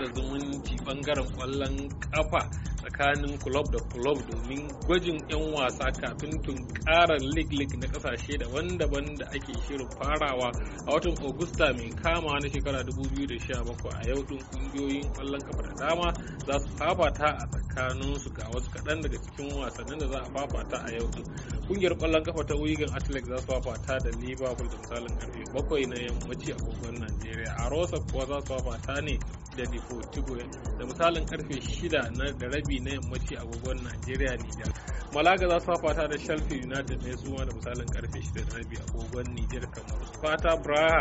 da zumunci bangaren kwallon kafa tsakanin kulob da kulob domin gwajin 'yan wasa kafin tunkarar league league na kasashe daban-daban da ake shirin farawa a watan augusta mai kama na shekara 2017 a yau din kungiyoyin kwallon kafa da dama za su fafata a tsakaninsu ga wasu kaɗan daga cikin wasannin da za a fafata a yau din kungiyar kwallon kafa ta wigan athletic za su fafata da liverpool da misalin karfe bakwai na yammaci a kogon najeriya a rosa kuwa za su fafata ne da da misalin karfe 6 na da rabi na yammaci agogon Najeriya Nijar. Malaga za su fata da Shelfi United ne suma da misalin karfe 6 da rabi agogon Nijar kamar Fata Braha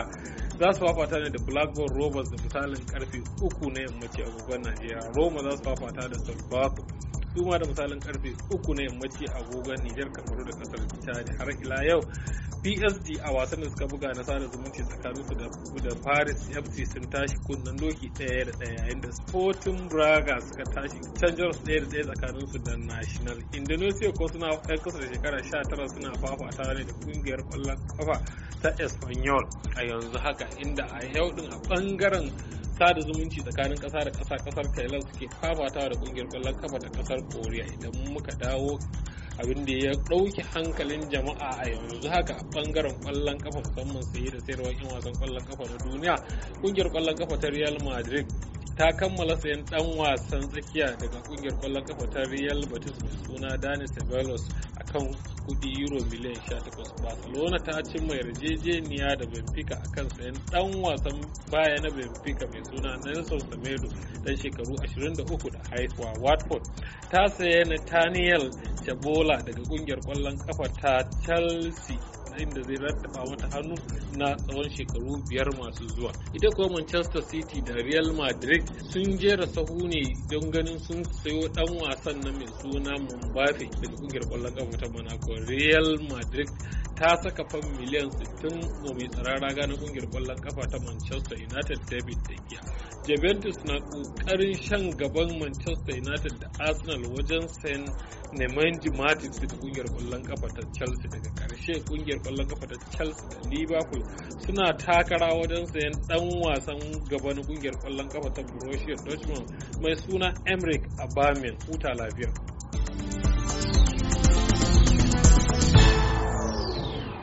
za su fafata ne da Blackburn Rovers da misalin karfe 3 na yammaci agogon Najeriya. Roma za su fafata da Solbato su da misalin karfe uku na yammaci a agogon Nijar Kamaru da kasar Chad har ila yau PSG a wasan da suka buga na sada zumunci tsakanin su da Paris FC sun tashi kunnen doki ɗaya da ɗaya yayin da Sporting Braga suka tashi Changers daya da ɗaya tsakanin su da National Indonesia ko suna ɗan kasa da shekara 19 suna fafata ne da kungiyar kwallon kafa ta Espanyol a yanzu haka inda a yau din a ɓangaren sada zumunci tsakanin kasa da kasa kasar thailand suke fafatawa da kungiyar kwallon kafa da kasar korea idan muka dawo abin da ya ɗauki hankalin jama'a a yanzu haka a ɓangaren ƙwallon kafa musamman saye da sayarwa yan wasan kwallon kafa na duniya ƙungiyar kwallon kafa ta real madrid ta kammala sayan ɗan wasan tsakiya daga ƙungiyar kwallon kafa ta Real Betis suna Dani Ceballos akan kudi euro miliyan 18 barcelona ta cimma yarjejeniya da benfica akan sayan dan wasan baya na benfica mai suna nelson samedo dan shekaru 23 da haifa watford ta saya nathaniel chabola daga kungiyar kwallon kafa ta chelsea matsayin da zai rattaba mata hannu na tsawon shekaru biyar masu zuwa ita kuma manchester city da real madrid sun jera sahu ne don ganin sun sayo dan wasan na mai suna mumbafe da kungiyar kwallon kafa ta monaco real madrid ta saka fam miliyan 60 ga mai tsaron raga na kungiyar kwallon kafa ta Manchester United David De Gea. Juventus na kokarin shan gaban Manchester United da Arsenal wajen sayan Nemanja Matic da kungiyar kwallon kafa ta Chelsea daga karshe kungiyar kwallon kafa ta Chelsea da Liverpool suna takara wajen sayan dan wasan gaban kungiyar kwallon kafa ta Borussia Dortmund mai suna Emric Aubameyang huta lafiya.